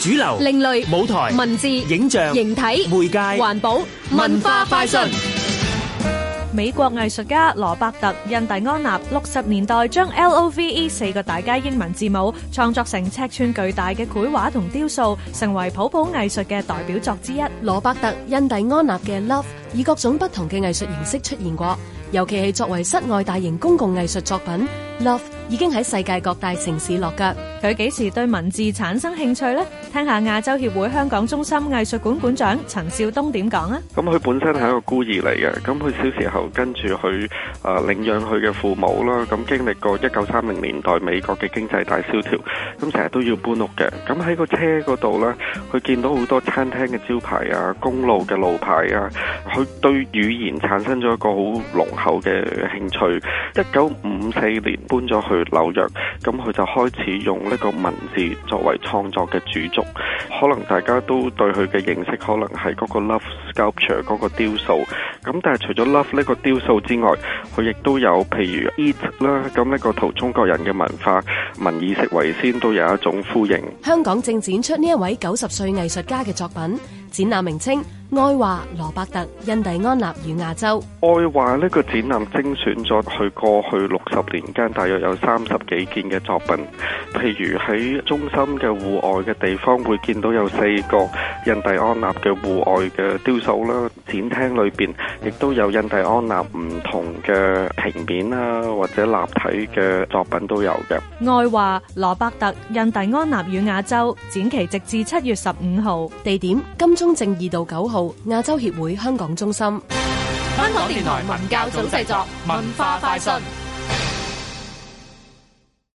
、主流、另類舞台、文字、影像、形體、媒介、環保、文化快訊。美國藝術家羅伯特·印第安納六十年代將 L O V E 尤其係作為室外大型公共藝術作品，Love 已經喺世界各大城市落腳。佢幾時對文字產生興趣咧？聽下亞洲協會香港中心藝術館館長陳少東點講啊！咁佢本身係一個孤兒嚟嘅，咁佢小時候跟住佢誒領養佢嘅父母啦，咁經歷過一九三零年代美國嘅經濟大蕭條，咁成日都要搬屋嘅，咁喺個車嗰度咧，佢見到好多餐廳嘅招牌啊、公路嘅路牌啊，佢對語言產生咗一個好濃厚。後嘅興趣，一九五四年搬咗去紐約，咁佢就開始用呢個文字作為創作嘅主軸。可能大家都對佢嘅認識，可能係嗰個 love sculpture 嗰個雕塑。咁但係除咗 love 呢個雕塑之外，佢亦都有譬如 eat 啦。咁呢個圖中國人嘅文化，民以食為先，都有一種呼應。香港正展出呢一位九十歲藝術家嘅作品，展覽名稱。愛華羅伯特印第安納與亞洲。愛華呢個展覽精選咗去過去六十年間，大約有三十幾件嘅作品。譬如喺中心嘅戶外嘅地方，會見到有四個印第安納嘅戶外嘅雕塑啦。展廳裏邊亦都有印第安納唔同嘅平面啦，或者立體嘅作品都有嘅。愛畫羅伯特印第安納與亞洲展期直至七月十五號，地點金鐘正義道九號亞洲協會香港中心。香港電台文教組製作，文化快訊。